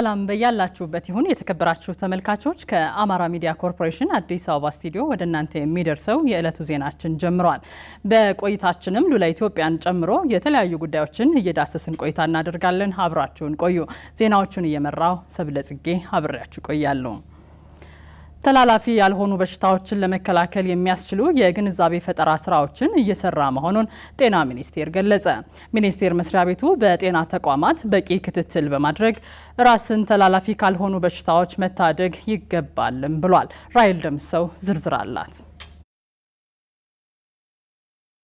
ሰላም በያላችሁበት ይሁን የተከበራችሁ ተመልካቾች። ከአማራ ሚዲያ ኮርፖሬሽን አዲስ አበባ ስቱዲዮ ወደ እናንተ የሚደርሰው የዕለቱ ዜናችን ጀምረዋል። በቆይታችንም ሉላ ኢትዮጵያን ጨምሮ የተለያዩ ጉዳዮችን እየዳሰስን ቆይታ እናደርጋለን። አብራችሁን ቆዩ። ዜናዎቹን እየመራው ሰብለ ጽጌ አብሬያችሁ ቆያለሁ። ተላላፊ ያልሆኑ በሽታዎችን ለመከላከል የሚያስችሉ የግንዛቤ ፈጠራ ስራዎችን እየሰራ መሆኑን ጤና ሚኒስቴር ገለጸ። ሚኒስቴር መስሪያ ቤቱ በጤና ተቋማት በቂ ክትትል በማድረግ ራስን ተላላፊ ካልሆኑ በሽታዎች መታደግ ይገባልም ብሏል። ራይል ደምሰው ዝርዝር አላት።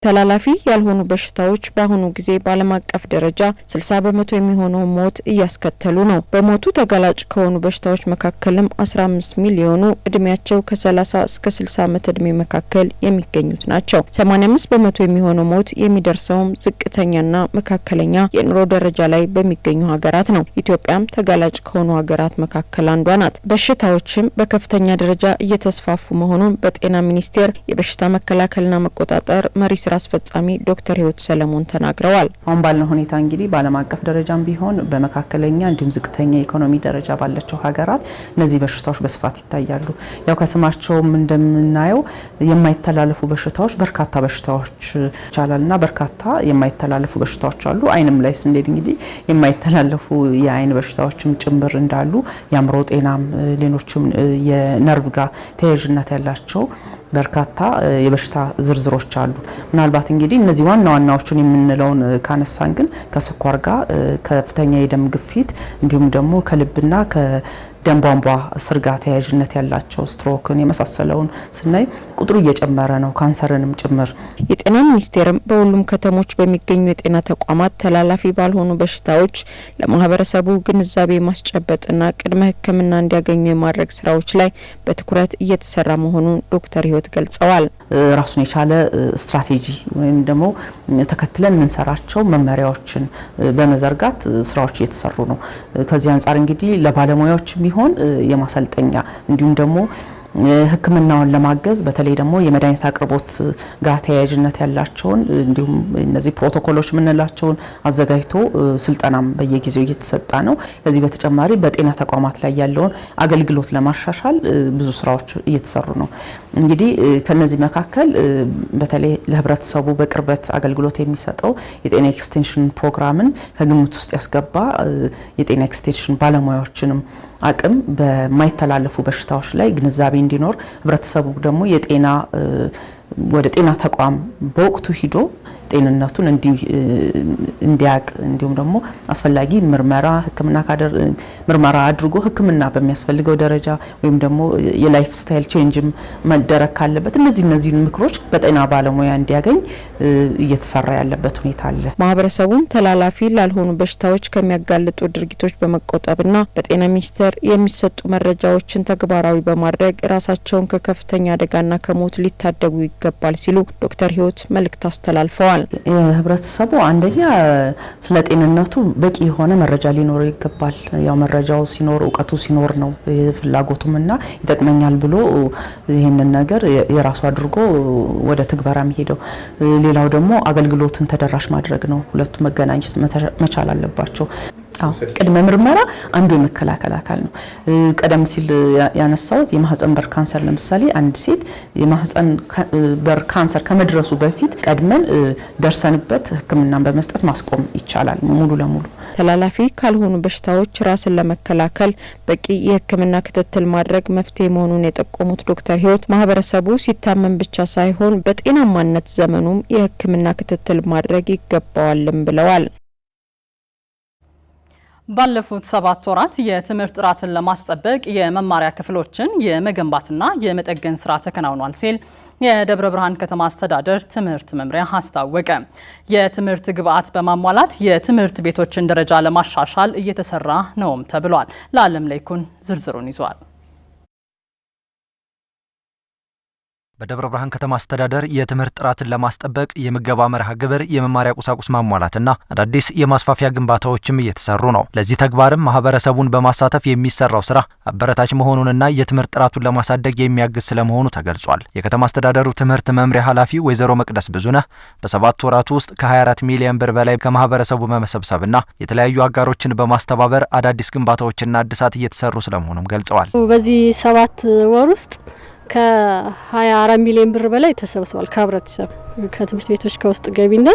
ተላላፊ ያልሆኑ በሽታዎች በአሁኑ ጊዜ በዓለም አቀፍ ደረጃ 60 በመቶ የሚሆነው ሞት እያስከተሉ ነው። በሞቱ ተጋላጭ ከሆኑ በሽታዎች መካከልም 15 ሚሊዮኑ እድሜያቸው ከ30 እስከ 60 ዓመት እድሜ መካከል የሚገኙት ናቸው። 85 በመቶ የሚሆነው ሞት የሚደርሰውም ዝቅተኛና መካከለኛ የኑሮ ደረጃ ላይ በሚገኙ ሀገራት ነው። ኢትዮጵያም ተጋላጭ ከሆኑ ሀገራት መካከል አንዷ ናት። በሽታዎችም በከፍተኛ ደረጃ እየተስፋፉ መሆኑን በጤና ሚኒስቴር የበሽታ መከላከልና መቆጣጠር መሪ ስራ አስፈጻሚ ዶክተር ህይወት ሰለሞን ተናግረዋል። አሁን ባለው ሁኔታ እንግዲህ በዓለም አቀፍ ደረጃም ቢሆን በመካከለኛ እንዲሁም ዝቅተኛ የኢኮኖሚ ደረጃ ባላቸው ሀገራት እነዚህ በሽታዎች በስፋት ይታያሉ። ያው ከስማቸውም እንደምናየው የማይተላለፉ በሽታዎች በርካታ በሽታዎች ይቻላል እና በርካታ የማይተላለፉ በሽታዎች አሉ። አይንም ላይ ስንሄድ እንግዲህ የማይተላለፉ የአይን በሽታዎችም ጭምር እንዳሉ የአእምሮ ጤናም ሌሎችም የነርቭ ጋር ተያያዥነት ያላቸው በርካታ የበሽታ ዝርዝሮች አሉ። ምናልባት እንግዲህ እነዚህ ዋና ዋናዎቹን የምንለውን ካነሳን ግን ከስኳር ጋር ከፍተኛ የደም ግፊት እንዲሁም ደግሞ ከልብና ከደም ቧንቧ ስር ተያያዥነት ያላቸው ስትሮክን የመሳሰለውን ስናይ ቁጥሩ እየጨመረ ነው፣ ካንሰርንም ጭምር። የጤና ሚኒስቴርም በሁሉም ከተሞች በሚገኙ የጤና ተቋማት ተላላፊ ባልሆኑ በሽታዎች ለማህበረሰቡ ግንዛቤ ማስጨበጥና ቅድመ ሕክምና እንዲያገኙ የማድረግ ስራዎች ላይ በትኩረት እየተሰራ መሆኑን ዶክተር ህይወት ገልጸዋል። ራሱን የቻለ ስትራቴጂ ወይም ደግሞ ተከትለን የምንሰራቸው መመሪያዎችን በመዘርጋት ስራዎች እየተሰሩ ነው። ከዚህ አንጻር እንግዲህ ለባለሙያዎችም ቢሆን የማሰልጠኛ እንዲሁም ደግሞ ሕክምናውን ለማገዝ በተለይ ደግሞ የመድኃኒት አቅርቦት ጋር ተያያዥነት ያላቸውን እንዲሁም እነዚህ ፕሮቶኮሎች የምንላቸውን አዘጋጅቶ ስልጠናም በየጊዜው እየተሰጣ ነው። ከዚህ በተጨማሪ በጤና ተቋማት ላይ ያለውን አገልግሎት ለማሻሻል ብዙ ስራዎች እየተሰሩ ነው። እንግዲህ ከነዚህ መካከል በተለይ ለህብረተሰቡ በቅርበት አገልግሎት የሚሰጠው የጤና ኤክስቴንሽን ፕሮግራምን ከግምት ውስጥ ያስገባ የጤና ኤክስቴንሽን ባለሙያዎችንም አቅም በማይተላለፉ በሽታዎች ላይ ግንዛቤ እንዲኖር ህብረተሰቡ ደግሞ የጤና ወደ ጤና ተቋም በወቅቱ ሂዶ ጤንነቱን እንዲያቅ እንዲሁም ደግሞ አስፈላጊ ምርመራ ሕክምና ምርመራ አድርጎ ህክምና በሚያስፈልገው ደረጃ ወይም ደግሞ የላይፍ ስታይል ቼንጅም መደረግ ካለበት እነዚህ እነዚህ ምክሮች በጤና ባለሙያ እንዲያገኝ እየተሰራ ያለበት ሁኔታ አለ። ማህበረሰቡም ተላላፊ ላልሆኑ በሽታዎች ከሚያጋልጡ ድርጊቶች በመቆጠብና በጤና ሚኒስቴር የሚሰጡ መረጃዎችን ተግባራዊ በማድረግ ራሳቸውን ከከፍተኛ አደጋና ከሞት ሊታደጉ ይገባል ሲሉ ዶክተር ህይወት መልእክት አስተላልፈዋል። ተጠቅመዋል። ህብረተሰቡ አንደኛ ስለ ጤንነቱ በቂ የሆነ መረጃ ሊኖረው ይገባል። ያው መረጃው ሲኖር እውቀቱ ሲኖር ነው ፍላጎቱም ና ይጠቅመኛል ብሎ ይህንን ነገር የራሱ አድርጎ ወደ ትግበራ የሚሄደው። ሌላው ደግሞ አገልግሎትን ተደራሽ ማድረግ ነው። ሁለቱ መገናኘት መቻል አለባቸው። ቅድመ ምርመራ አንዱ የመከላከል አካል ነው። ቀደም ሲል ያነሳሁት የማህፀን በር ካንሰር ለምሳሌ አንድ ሴት የማህፀን በር ካንሰር ከመድረሱ በፊት ቀድመን ደርሰንበት ሕክምናን በመስጠት ማስቆም ይቻላል ሙሉ ለሙሉ። ተላላፊ ካልሆኑ በሽታዎች ራስን ለመከላከል በቂ የሕክምና ክትትል ማድረግ መፍትሄ መሆኑን የጠቆሙት ዶክተር ህይወት ማህበረሰቡ ሲታመም ብቻ ሳይሆን በጤናማነት ዘመኑም የሕክምና ክትትል ማድረግ ይገባዋልም ብለዋል። ባለፉት ሰባት ወራት የትምህርት ጥራትን ለማስጠበቅ የመማሪያ ክፍሎችን የመገንባትና የመጠገን ስራ ተከናውኗል ሲል የደብረ ብርሃን ከተማ አስተዳደር ትምህርት መምሪያ አስታወቀ። የትምህርት ግብዓት በማሟላት የትምህርት ቤቶችን ደረጃ ለማሻሻል እየተሰራ ነውም ተብሏል። ለዓለም ላይኩን ዝርዝሩን ይዟል። በደብረ ብርሃን ከተማ አስተዳደር የትምህርት ጥራትን ለማስጠበቅ የምገባ መርሃ ግብር፣ የመማሪያ ቁሳቁስ ማሟላትና አዳዲስ የማስፋፊያ ግንባታዎችም እየተሰሩ ነው። ለዚህ ተግባርም ማህበረሰቡን በማሳተፍ የሚሰራው ስራ አበረታች መሆኑንና የትምህርት ጥራቱን ለማሳደግ የሚያግዝ ስለመሆኑ ተገልጿል። የከተማ አስተዳደሩ ትምህርት መምሪያ ኃላፊ ወይዘሮ መቅደስ ብዙነህ በሰባት ወራት ውስጥ ከ24 ሚሊዮን ብር በላይ ከማህበረሰቡ በመሰብሰብና የተለያዩ አጋሮችን በማስተባበር አዳዲስ ግንባታዎችና እድሳት እየተሰሩ ስለመሆኑም ገልጸዋል። በዚህ ሰባት ወር ውስጥ ከ24 ሚሊዮን ብር በላይ ተሰብስቧል። ከህብረተሰብ ከትምህርት ቤቶች ከውስጥ ገቢና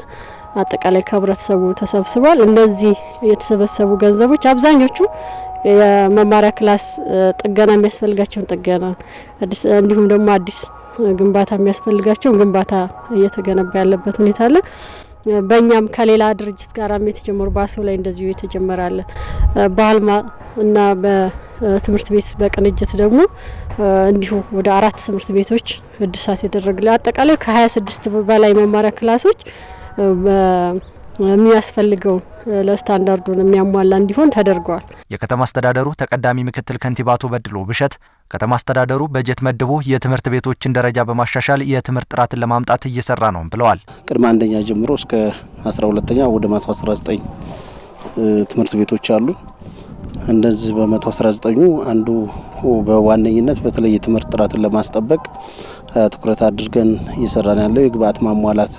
አጠቃላይ ከህብረተሰቡ ተሰብስቧል። እነዚህ የተሰበሰቡ ገንዘቦች አብዛኞቹ የመማሪያ ክላስ ጥገና የሚያስፈልጋቸውን ጥገና፣ እንዲሁም ደግሞ አዲስ ግንባታ የሚያስፈልጋቸውን ግንባታ እየተገነባ ያለበት ሁኔታ አለ። በእኛም ከሌላ ድርጅት ጋራም የተጀመሩ ባሶ ላይ እንደዚሁ አለ። በአልማ እና በትምህርት ቤት በቅንጅት ደግሞ እንዲሁ ወደ አራት ትምህርት ቤቶች እድሳት የተደረገ አጠቃላይ ከ26 በላይ መማሪያ ክላሶች የሚያስፈልገው ለስታንዳርዱን የሚያሟላ እንዲሆን ተደርገዋል። የከተማ አስተዳደሩ ተቀዳሚ ምክትል ከንቲባ አቶ በድሎ ብሸት ከተማ አስተዳደሩ በጀት መድቦ የትምህርት ቤቶችን ደረጃ በማሻሻል የትምህርት ጥራትን ለማምጣት እየሰራ ነው ብለዋል። ቅድመ አንደኛ ጀምሮ እስከ 12ተኛ ወደ 119 ትምህርት ቤቶች አሉ። እንደዚህ በ119ኙ አንዱ በዋነኝነት በተለይ የትምህርት ጥራትን ለማስጠበቅ ትኩረት አድርገን እየሰራን ያለው የግብአት ማሟላት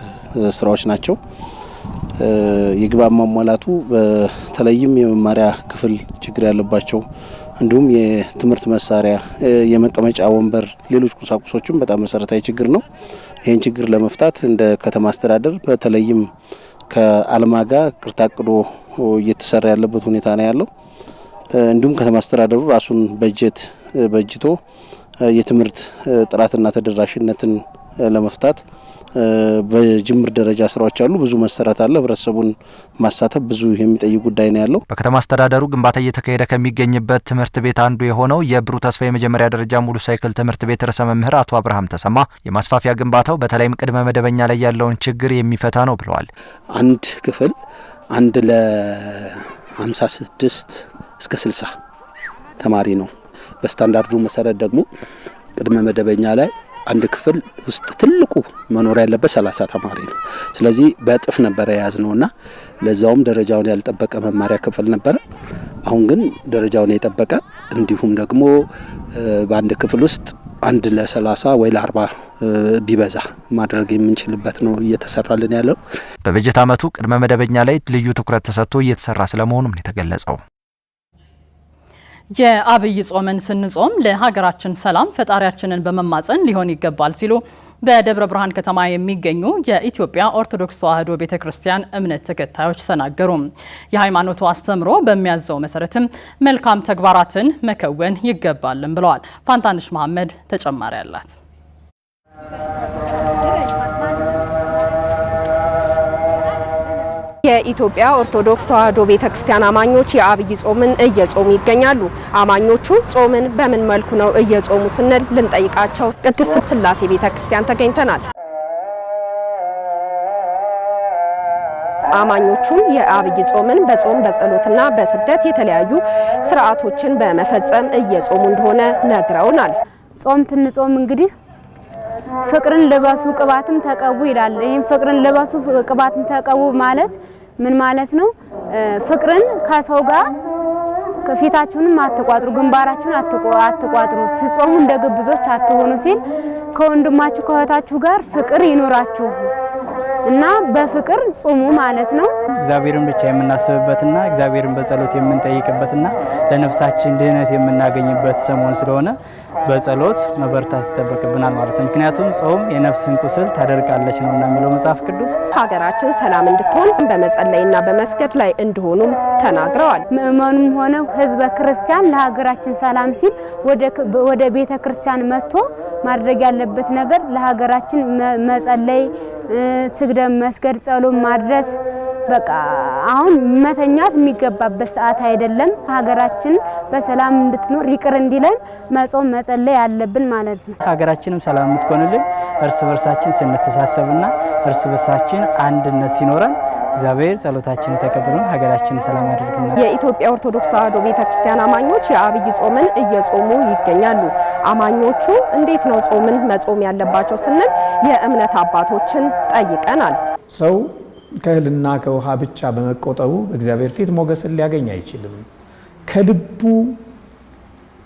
ስራዎች ናቸው። የግብአት ማሟላቱ በተለይም የመማሪያ ክፍል ችግር ያለባቸው እንዲሁም የትምህርት መሳሪያ፣ የመቀመጫ ወንበር፣ ሌሎች ቁሳቁሶችም በጣም መሰረታዊ ችግር ነው። ይህን ችግር ለመፍታት እንደ ከተማ አስተዳደር በተለይም ከአልማ ጋር ቅርታ አቅዶ እየተሰራ ያለበት ሁኔታ ነው ያለው። እንዲሁም ከተማ አስተዳደሩ ራሱን በጀት በጅቶ የትምህርት ጥራትና ተደራሽነትን ለመፍታት በጅምር ደረጃ ስራዎች አሉ። ብዙ መሰረት አለ። ህብረተሰቡን ማሳተፍ ብዙ የሚጠይቅ ጉዳይ ነው ያለው። በከተማ አስተዳደሩ ግንባታ እየተካሄደ ከሚገኝበት ትምህርት ቤት አንዱ የሆነው የብሩህ ተስፋ የመጀመሪያ ደረጃ ሙሉ ሳይክል ትምህርት ቤት ርዕሰ መምህር አቶ አብርሃም ተሰማ የማስፋፊያ ግንባታው በተለይም ቅድመ መደበኛ ላይ ያለውን ችግር የሚፈታ ነው ብለዋል። አንድ ክፍል አንድ ለ ሀምሳ ስድስት እስከ 60 ተማሪ ነው። በስታንዳርዱ መሰረት ደግሞ ቅድመ መደበኛ ላይ አንድ ክፍል ውስጥ ትልቁ መኖር ያለበት 30 ተማሪ ነው። ስለዚህ በእጥፍ ነበረ የያዝነው እና ለዛውም ደረጃውን ያልጠበቀ መማሪያ ክፍል ነበረ። አሁን ግን ደረጃውን የጠበቀ እንዲሁም ደግሞ በአንድ ክፍል ውስጥ አንድ ለ30 ወይ ለ40 ቢበዛ ማድረግ የምንችልበት ነው እየተሰራልን ያለው። በበጀት ዓመቱ ቅድመ መደበኛ ላይ ልዩ ትኩረት ተሰጥቶ እየተሰራ ስለመሆኑም ነው የተገለጸው። የአብይ ጾምን ስንጾም ለሀገራችን ሰላም ፈጣሪያችንን በመማጸን ሊሆን ይገባል ሲሉ በደብረ ብርሃን ከተማ የሚገኙ የኢትዮጵያ ኦርቶዶክስ ተዋሕዶ ቤተ ክርስቲያን እምነት ተከታዮች ተናገሩ። የሃይማኖቱ አስተምሮ በሚያዘው መሰረትም መልካም ተግባራትን መከወን ይገባልም ብለዋል። ፋንታንሽ መሐመድ ተጨማሪ አላት። የኢትዮጵያ ኦርቶዶክስ ተዋሕዶ ቤተ ክርስቲያን አማኞች የአብይ ጾምን እየጾሙ ይገኛሉ። አማኞቹ ጾምን በምን መልኩ ነው እየጾሙ ስንል ልንጠይቃቸው ቅድስት ስላሴ ቤተ ክርስቲያን ተገኝተናል። አማኞቹ የአብይ ጾምን በጾም በጸሎትና በስግደት የተለያዩ ስርዓቶችን በመፈጸም እየጾሙ እንደሆነ ነግረውናል። ጾም ትንጾም እንግዲህ ፍቅርን ልበሱ ቅባትም ተቀቡ ይላል። ይህም ፍቅርን ልበሱ ቅባትም ተቀቡ ማለት ምን ማለት ነው? ፍቅርን ከሰው ጋር ፊታችሁንም አትቋጥሩ፣ ግንባራችሁን አትቋጥሩ፣ ትጾሙ እንደ ግብዞች አትሆኑ ሲል ከወንድማችሁ ከእህታችሁ ጋር ፍቅር ይኖራችሁ እና በፍቅር ጾሙ ማለት ነው። እግዚአብሔርን ብቻ የምናስብበትና እግዚአብሔርን በጸሎት የምንጠይቅበትና ለነፍሳችን ድህነት የምናገኝበት ሰሞን ስለሆነ በጸሎት መበርታት ይጠበቅብናል ማለት ነው። ምክንያቱም ጾም የነፍስን ቁስል ታደርቃለች ነው የሚለው መጽሐፍ ቅዱስ። ሀገራችን ሰላም እንድትሆን በመጸለይና በመስገድ ላይ እንደሆኑም ተናግረዋል። ምእመኑም ሆነ ህዝበ ክርስቲያን ለሀገራችን ሰላም ሲል ወደ ቤተ ክርስቲያን መጥቶ ማድረግ ያለበት ነገር ለሀገራችን መጸለይ፣ ስግደን መስገድ፣ ጸሎ ማድረስ በቃ አሁን መተኛት የሚገባበት ሰዓት አይደለም። ሀገራችን በሰላም እንድትኖር ይቅር እንዲለን መጾም መጸለይ ያለብን ማለት ነው። ሀገራችንም ሰላም የምትኮንልን እርስ በርሳችን ስንተሳሰብና እርስ በርሳችን አንድነት ሲኖረን እግዚአብሔር ጸሎታችን ተቀብሎን ሀገራችን ሰላም አድርግና። የኢትዮጵያ ኦርቶዶክስ ተዋሕዶ ቤተክርስቲያን አማኞች የአብይ ጾምን እየጾሙ ይገኛሉ። አማኞቹ እንዴት ነው ጾምን መጾም ያለባቸው ስንል የእምነት አባቶችን ጠይቀናል። ሰው ከእህልና ከውሃ ብቻ በመቆጠቡ በእግዚአብሔር ፊት ሞገስን ሊያገኝ አይችልም። ከልቡ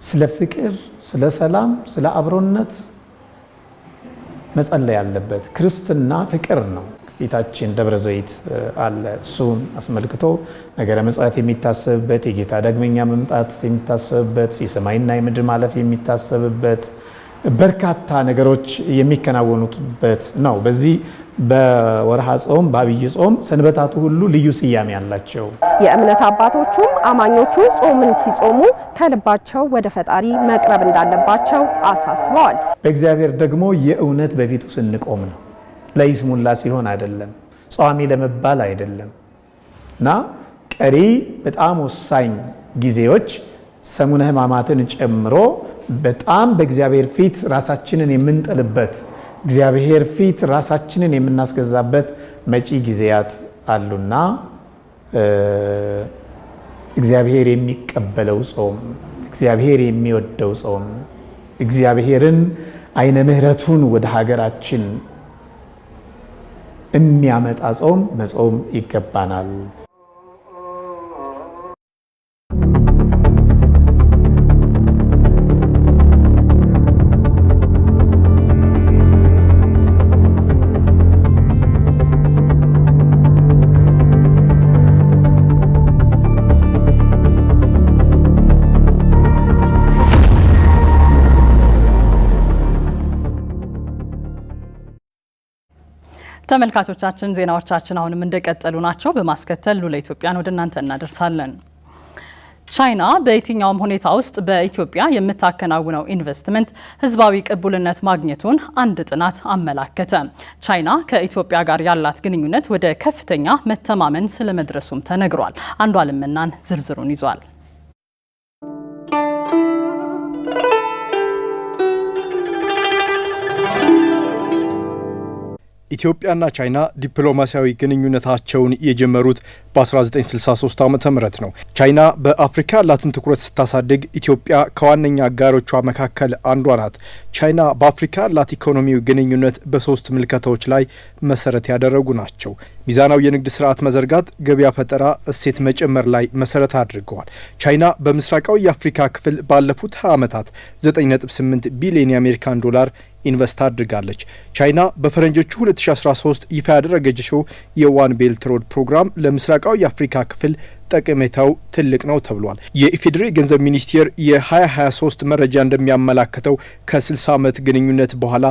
ስለ ፍቅር፣ ስለ ሰላም፣ ስለ አብሮነት መጸለይ ያለበት ክርስትና ፍቅር ነው። ፊታችን ደብረ ዘይት አለ። እሱን አስመልክቶ ነገረ ምጽአት የሚታሰብበት የጌታ ዳግመኛ መምጣት የሚታሰብበት የሰማይና የምድር ማለፍ የሚታሰብበት በርካታ ነገሮች የሚከናወኑበት ነው። በዚህ በወርሃ ጾም በአብይ ጾም ሰንበታቱ ሁሉ ልዩ ስያሜ አላቸው። የእምነት አባቶቹም አማኞቹ ጾምን ሲጾሙ ከልባቸው ወደ ፈጣሪ መቅረብ እንዳለባቸው አሳስበዋል። በእግዚአብሔር ደግሞ የእውነት በፊቱ ስንቆም ነው ለይስሙላ ሲሆን አይደለም፣ ጿሚ ለመባል አይደለም። እና ቀሪ በጣም ወሳኝ ጊዜዎች ሰሙነ ሕማማትን ጨምሮ በጣም በእግዚአብሔር ፊት ራሳችንን የምንጥልበት እግዚአብሔር ፊት ራሳችንን የምናስገዛበት መጪ ጊዜያት አሉና እግዚአብሔር የሚቀበለው ጾም፣ እግዚአብሔር የሚወደው ጾም፣ እግዚአብሔርን አይነ ምሕረቱን ወደ ሀገራችን የሚያመጣ ጾም መጾም ይገባናል። ተመልካቾቻችን ዜናዎቻችን አሁንም እንደቀጠሉ ናቸው። በማስከተል ሉላ ኢትዮጵያን ወደ እናንተ እናደርሳለን። ቻይና በየትኛውም ሁኔታ ውስጥ በኢትዮጵያ የምታከናውነው ኢንቨስትመንት ሕዝባዊ ቅቡልነት ማግኘቱን አንድ ጥናት አመላከተ። ቻይና ከኢትዮጵያ ጋር ያላት ግንኙነት ወደ ከፍተኛ መተማመን ስለመድረሱም ተነግሯል። አንዷ ልምናን ዝርዝሩን ይዟል። ኢትዮጵያና ቻይና ዲፕሎማሲያዊ ግንኙነታቸውን የጀመሩት በ1963 ዓ ም ነው። ቻይና በአፍሪካ ያላትን ትኩረት ስታሳድግ ኢትዮጵያ ከዋነኛ አጋሮቿ መካከል አንዷ ናት። ቻይና በአፍሪካ ያላት ኢኮኖሚው ግንኙነት በሶስት ምልከታዎች ላይ መሰረት ያደረጉ ናቸው። ሚዛናዊ የንግድ ስርዓት መዘርጋት፣ ገበያ ፈጠራ፣ እሴት መጨመር ላይ መሰረት አድርገዋል። ቻይና በምስራቃዊ የአፍሪካ ክፍል ባለፉት 20 ዓመታት 9.8 ቢሊዮን የአሜሪካን ዶላር ኢንቨስት አድርጋለች። ቻይና በፈረንጆቹ 2013 ይፋ ያደረገችው የዋን ቤልት ሮድ ፕሮግራም ለምስራቃዊ የአፍሪካ ክፍል ጠቀሜታው ትልቅ ነው ተብሏል። የኢፌዴሪ ገንዘብ ሚኒስቴር የ2023 መረጃ እንደሚያመላክተው ከ60 ዓመት ግንኙነት በኋላ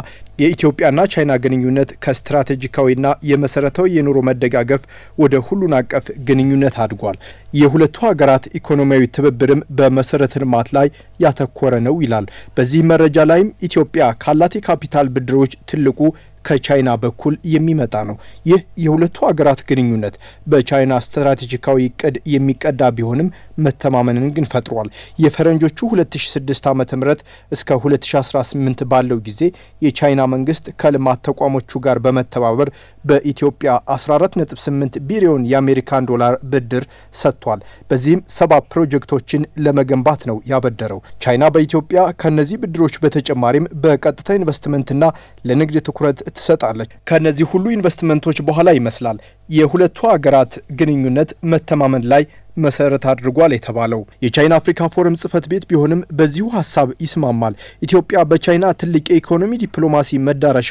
የኢትዮጵያና ቻይና ግንኙነት ከስትራቴጂካዊና የመሰረታዊ የኑሮ መደጋገፍ ወደ ሁሉን አቀፍ ግንኙነት አድጓል። የሁለቱ ሀገራት ኢኮኖሚያዊ ትብብርም በመሰረተ ልማት ላይ ያተኮረ ነው ይላል። በዚህ መረጃ ላይም ኢትዮጵያ ካላት የካፒታል ብድሮች ትልቁ ከቻይና በኩል የሚመጣ ነው። ይህ የሁለቱ ሀገራት ግንኙነት በቻይና ስትራቴጂካዊ እቅድ የሚቀዳ ቢሆንም መተማመንን ግን ፈጥሯል። የፈረንጆቹ 2006 ዓ ም እስከ 2018 ባለው ጊዜ የቻይና መንግስት ከልማት ተቋሞቹ ጋር በመተባበር በኢትዮጵያ 148 ቢሊዮን የአሜሪካን ዶላር ብድር ሰጥቷል። በዚህም ሰባ ፕሮጀክቶችን ለመገንባት ነው ያበደረው። ቻይና በኢትዮጵያ ከነዚህ ብድሮች በተጨማሪም በቀጥታ ኢንቨስትመንትና ለንግድ ትኩረት ትሰጣለች። ከእነዚህ ሁሉ ኢንቨስትመንቶች በኋላ ይመስላል የሁለቱ ሀገራት ግንኙነት መተማመን ላይ መሰረት አድርጓል የተባለው የቻይና አፍሪካ ፎረም ጽህፈት ቤት ቢሆንም በዚሁ ሀሳብ ይስማማል። ኢትዮጵያ በቻይና ትልቅ የኢኮኖሚ ዲፕሎማሲ መዳረሻ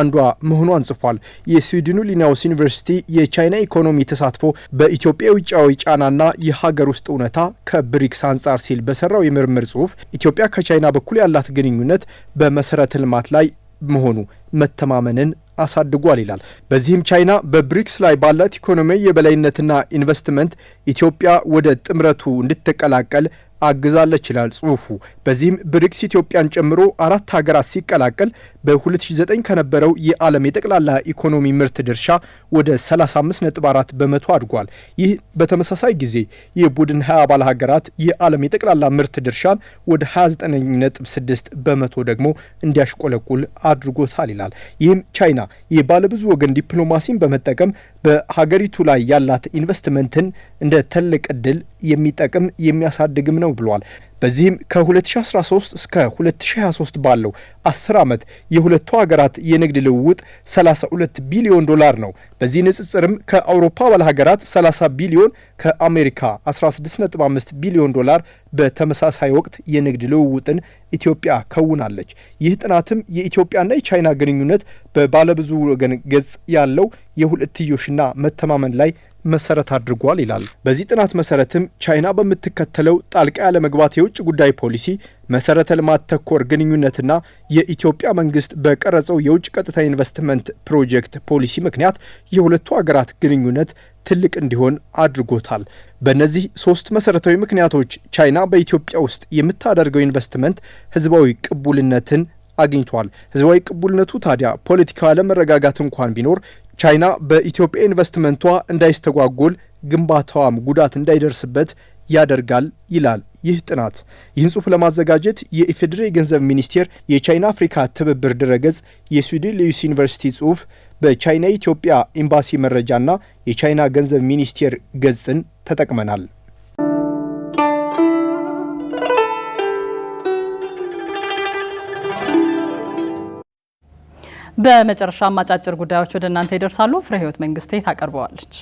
አንዷ መሆኗን ጽፏል። የስዊድኑ ሊናውስ ዩኒቨርሲቲ የቻይና ኢኮኖሚ ተሳትፎ በኢትዮጵያ ውጫዊ ጫናና የሀገር ውስጥ እውነታ ከብሪክስ አንጻር ሲል በሰራው የምርምር ጽሁፍ ኢትዮጵያ ከቻይና በኩል ያላት ግንኙነት በመሰረተ ልማት ላይ መሆኑ መተማመንን አሳድጓል ይላል። በዚህም ቻይና በብሪክስ ላይ ባላት ኢኮኖሚ የበላይነትና ኢንቨስትመንት ኢትዮጵያ ወደ ጥምረቱ እንድትቀላቀል አግዛለች ይላል ጽሁፉ። በዚህም ብሪክስ ኢትዮጵያን ጨምሮ አራት ሀገራት ሲቀላቀል በ2009 ከነበረው የዓለም የጠቅላላ ኢኮኖሚ ምርት ድርሻ ወደ 35.4 በመቶ አድጓል። ይህ በተመሳሳይ ጊዜ የቡድን 20 አባል ሀገራት የዓለም የጠቅላላ ምርት ድርሻን ወደ 29.6 በመቶ ደግሞ እንዲያሽቆለቁል አድርጎታል ይላል። ይላል። ይህም ቻይና የባለብዙ ወገን ዲፕሎማሲን በመጠቀም በሀገሪቱ ላይ ያላት ኢንቨስትመንትን እንደ ትልቅ እድል የሚጠቅም የሚያሳድግም ነው ብሏል። በዚህም ከ2013 እስከ 2023 ባለው 10 ዓመት የሁለቱ ሀገራት የንግድ ልውውጥ 32 ቢሊዮን ዶላር ነው። በዚህ ንጽጽርም ከአውሮፓ አባል ሀገራት 30 ቢሊዮን፣ ከአሜሪካ 16.5 ቢሊዮን ዶላር በተመሳሳይ ወቅት የንግድ ልውውጥን ኢትዮጵያ ከውናለች። ይህ ጥናትም የኢትዮጵያና የቻይና ግንኙነት በባለብዙ ወገን ገጽ ያለው የሁለትዮሽና መተማመን ላይ መሰረት አድርጓል ይላል። በዚህ ጥናት መሰረትም ቻይና በምትከተለው ጣልቃ ያለመግባት የውጭ ጉዳይ ፖሊሲ መሰረተ ልማት ተኮር ግንኙነትና የኢትዮጵያ መንግስት በቀረጸው የውጭ ቀጥታ ኢንቨስትመንት ፕሮጀክት ፖሊሲ ምክንያት የሁለቱ ሀገራት ግንኙነት ትልቅ እንዲሆን አድርጎታል። በእነዚህ ሶስት መሰረታዊ ምክንያቶች ቻይና በኢትዮጵያ ውስጥ የምታደርገው ኢንቨስትመንት ህዝባዊ ቅቡልነትን አግኝቷል። ህዝባዊ ቅቡልነቱ ታዲያ ፖለቲካዊ አለመረጋጋት እንኳን ቢኖር ቻይና በኢትዮጵያ ኢንቨስትመንቷ እንዳይስተጓጎል ግንባታዋም ጉዳት እንዳይደርስበት ያደርጋል ይላል ይህ ጥናት። ይህን ጽሑፍ ለማዘጋጀት የኢፌዴሪ የገንዘብ ሚኒስቴር የቻይና አፍሪካ ትብብር ድረገጽ፣ የስዊድን ልዩስ ዩኒቨርሲቲ ጽሑፍ፣ በቻይና የኢትዮጵያ ኤምባሲ መረጃና የቻይና ገንዘብ ሚኒስቴር ገጽን ተጠቅመናል። በመጨረሻም አጫጭር ጉዳዮች ወደ እናንተ ይደርሳሉ። ፍሬህይወት መንግስቴ ታቀርበዋለች።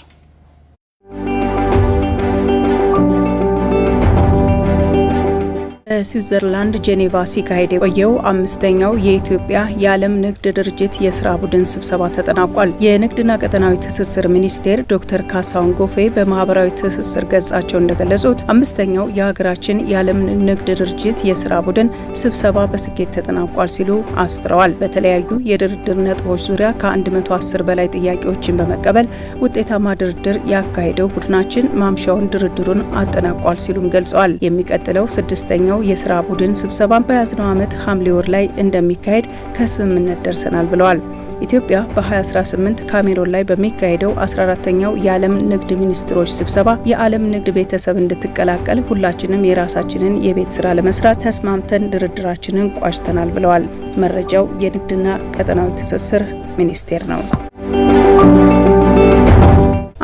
በስዊዘርላንድ ጄኔቫ ሲካሄድ የቆየው አምስተኛው የኢትዮጵያ የዓለም ንግድ ድርጅት የስራ ቡድን ስብሰባ ተጠናቋል። የንግድና ቀጠናዊ ትስስር ሚኒስቴር ዶክተር ካሳሁን ጎፌ በማህበራዊ ትስስር ገጻቸው እንደገለጹት አምስተኛው የሀገራችን የዓለም ንግድ ድርጅት የስራ ቡድን ስብሰባ በስኬት ተጠናቋል ሲሉ አስፍረዋል። በተለያዩ የድርድር ነጥቦች ዙሪያ ከ110 በላይ ጥያቄዎችን በመቀበል ውጤታማ ድርድር ያካሄደው ቡድናችን ማምሻውን ድርድሩን አጠናቋል ሲሉም ገልጸዋል። የሚቀጥለው ስድስተኛው የመጀመሪያው የስራ ቡድን ስብሰባ በያዝነው ዓመት ሐምሌ ወር ላይ እንደሚካሄድ ከስምምነት ደርሰናል ብለዋል። ኢትዮጵያ በ2018 ካሜሮን ላይ በሚካሄደው 14ተኛው የዓለም ንግድ ሚኒስትሮች ስብሰባ የዓለም ንግድ ቤተሰብ እንድትቀላቀል ሁላችንም የራሳችንን የቤት ስራ ለመስራት ተስማምተን ድርድራችንን ቋጭተናል ብለዋል። መረጃው የንግድና ቀጠናዊ ትስስር ሚኒስቴር ነው።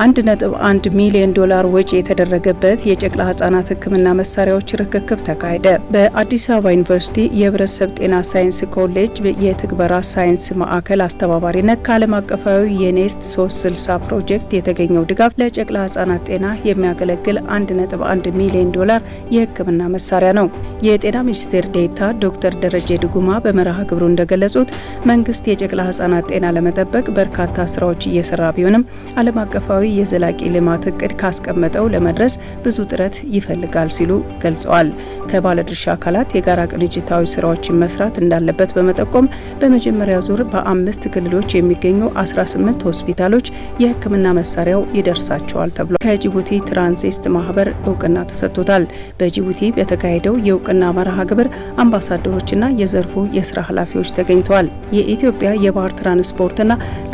1.1 ሚሊዮን ዶላር ወጪ የተደረገበት የጨቅላ ህጻናት ህክምና መሳሪያዎች ርክክብ ተካሄደ። በአዲስ አበባ ዩኒቨርሲቲ የህብረተሰብ ጤና ሳይንስ ኮሌጅ የትግበራ ሳይንስ ማዕከል አስተባባሪነት ከዓለም አቀፋዊ የኔስት 360 ፕሮጀክት የተገኘው ድጋፍ ለጨቅላ ህጻናት ጤና የሚያገለግል 1.1 ሚሊዮን ዶላር የህክምና መሳሪያ ነው። የጤና ሚኒስቴር ዴታ ዶክተር ደረጀ ድጉማ በመርሃ ግብሩ እንደገለጹት መንግስት የጨቅላ ህጻናት ጤና ለመጠበቅ በርካታ ስራዎች እየሰራ ቢሆንም ዓለም አቀፋዊ የዘላቂ ልማት እቅድ ካስቀመጠው ለመድረስ ብዙ ጥረት ይፈልጋል ሲሉ ገልጸዋል። ከባለድርሻ አካላት የጋራ ቅንጅታዊ ስራዎችን መስራት እንዳለበት በመጠቆም በመጀመሪያ ዙር በአምስት ክልሎች የሚገኙ 18 ሆስፒታሎች የህክምና መሳሪያው ይደርሳቸዋል ተብሏል። ከጅቡቲ ትራንዚስት ማህበር እውቅና ተሰጥቶታል። በጅቡቲ በተካሄደው የእውቅና መርሃ ግብር አምባሳደሮችና የዘርፉ የስራ ኃላፊዎች ተገኝተዋል። የኢትዮጵያ የባህር ትራንስፖርትና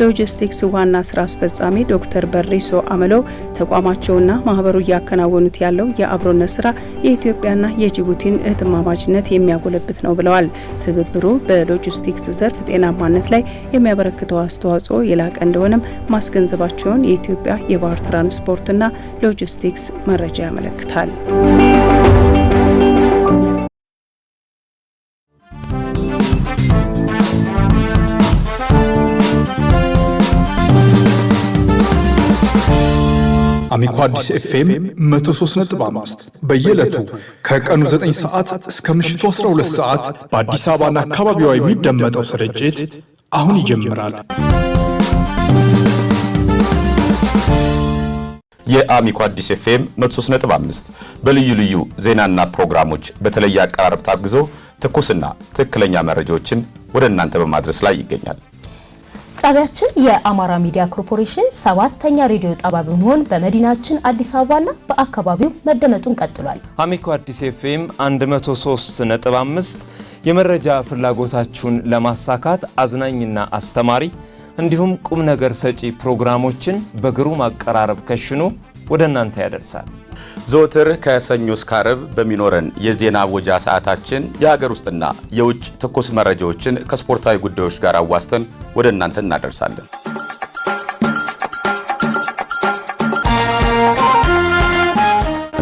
ሎጂስቲክስ ዋና ስራ አስፈጻሚ ዶክተር በሬ ሶ አመሎ ተቋማቸውና ማህበሩ እያከናወኑት ያለው የአብሮነት ስራ የኢትዮጵያና የጅቡቲን እህትማማችነት የሚያጎለብት ነው ብለዋል። ትብብሩ በሎጂስቲክስ ዘርፍ ጤናማነት ላይ የሚያበረክተው አስተዋጽኦ የላቀ እንደሆነም ማስገንዘባቸውን የኢትዮጵያ የባህር ትራንስፖርትና ሎጂስቲክስ መረጃ ያመለክታል። አሚኮ አዲስ ኤፍኤም 135 በየዕለቱ ከቀኑ 9 ሰዓት እስከ ምሽቱ 12 ሰዓት በአዲስ አበባና አካባቢዋ የሚደመጠው ስርጭት አሁን ይጀምራል። የአሚኮ አዲስ ኤፍኤም 135 በልዩ ልዩ ዜናና ፕሮግራሞች በተለየ አቀራረብ ታግዞ ትኩስና ትክክለኛ መረጃዎችን ወደ እናንተ በማድረስ ላይ ይገኛል። ጣቢያችን የአማራ ሚዲያ ኮርፖሬሽን ሰባተኛ ሬዲዮ ጣቢያ በመሆን በመዲናችን አዲስ አበባና በአካባቢው መደመጡን ቀጥሏል። አሚኮ አዲስ ኤፍኤም 103.5 የመረጃ ፍላጎታችሁን ለማሳካት አዝናኝና አስተማሪ እንዲሁም ቁም ነገር ሰጪ ፕሮግራሞችን በግሩም አቀራረብ ከሽኑ ወደ እናንተ ያደርሳል። ዘወትር ከሰኞ እስከ አርብ በሚኖረን የዜና ወጃ ሰዓታችን የሀገር ውስጥና የውጭ ትኩስ መረጃዎችን ከስፖርታዊ ጉዳዮች ጋር አዋስተን ወደ እናንተ እናደርሳለን።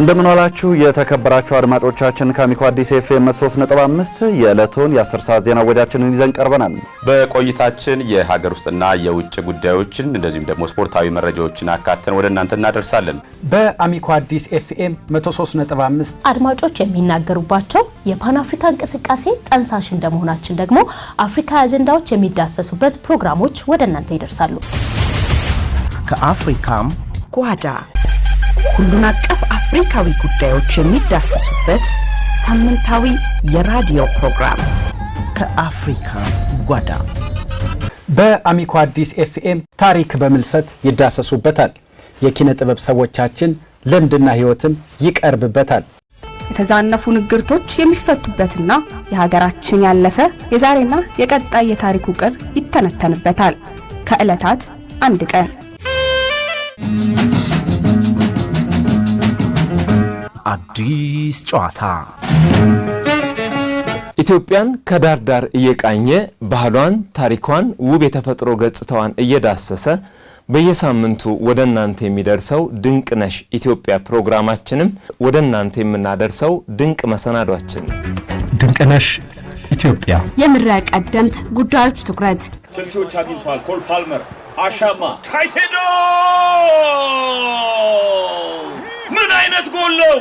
እንደምንዋላችሁ የተከበራችሁ አድማጮቻችን ከአሚኮ አዲስ ኤፍኤም 103.5 የዕለቱን የ10 ሰዓት ዜና ወዳችንን ይዘን ቀርበናል። በቆይታችን የሀገር ውስጥና የውጭ ጉዳዮችን እንደዚሁም ደግሞ ስፖርታዊ መረጃዎችን አካተን ወደ እናንተ እናደርሳለን። በአሚኮ አዲስ ኤፍኤም 103.5 አድማጮች የሚናገሩባቸው የፓን አፍሪካ እንቅስቃሴ ጠንሳሽ እንደመሆናችን ደግሞ አፍሪካ አጀንዳዎች የሚዳሰሱበት ፕሮግራሞች ወደ እናንተ ይደርሳሉ። ከአፍሪካም ጓዳ ሁሉን አቀፍ አፍሪካዊ ጉዳዮች የሚዳሰሱበት ሳምንታዊ የራዲዮ ፕሮግራም ከአፍሪካ ጓዳ በአሚኮ አዲስ ኤፍኤም ታሪክ በምልሰት ይዳሰሱበታል። የኪነ ጥበብ ሰዎቻችን ልምድና ሕይወትም ይቀርብበታል። የተዛነፉ ንግርቶች የሚፈቱበትና የሀገራችን ያለፈ የዛሬና የቀጣይ የታሪክ ውቅር ይተነተንበታል። ከዕለታት አንድ ቀን አዲስ ጨዋታ ኢትዮጵያን ከዳር ዳር እየቃኘ ባህሏን፣ ታሪኳን፣ ውብ የተፈጥሮ ገጽታዋን እየዳሰሰ በየሳምንቱ ወደ እናንተ የሚደርሰው ነሽ ኢትዮጵያ ፕሮግራማችንም ወደ እናንተ የምናደርሰው ድንቅ መሰናዷችን ነሽ ኢትዮጵያ የምድረ ቀደምት ጉዳዮች ትኩረት ቼልሲዎች አግኝተዋል። ኮል ፓልመር፣ አሻማ፣ ካይሴዶ ምን አይነት ጎል ነው!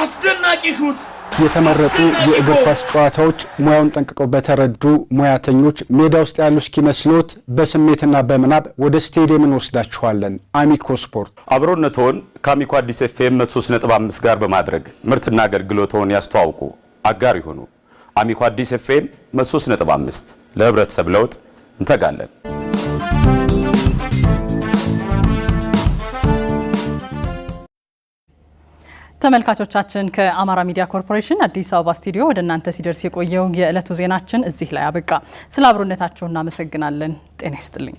አስደናቂ ሹት! የተመረጡ የእግር ኳስ ጨዋታዎች ሙያውን ጠንቅቀው በተረዱ ሙያተኞች ሜዳ ውስጥ ያሉ እስኪመስሎት በስሜትና በምናብ ወደ ስቴዲየም እንወስዳችኋለን። አሚኮ ስፖርት አብሮነትዎን ከአሚኮ አዲስ ኤፍኤም 103.5 ጋር በማድረግ ምርትና አገልግሎትዎን ያስተዋውቁ፣ አጋር ይሁኑ። አሚኮ አዲስ ኤፍኤም 103.5 ለህብረተሰብ ለውጥ እንተጋለን። ተመልካቾቻችን ከአማራ ሚዲያ ኮርፖሬሽን አዲስ አበባ ስቱዲዮ ወደ እናንተ ሲደርስ የቆየው የዕለቱ ዜናችን እዚህ ላይ አበቃ። ስለ አብሮነታቸው እናመሰግናለን። ጤና ይስጥልኝ።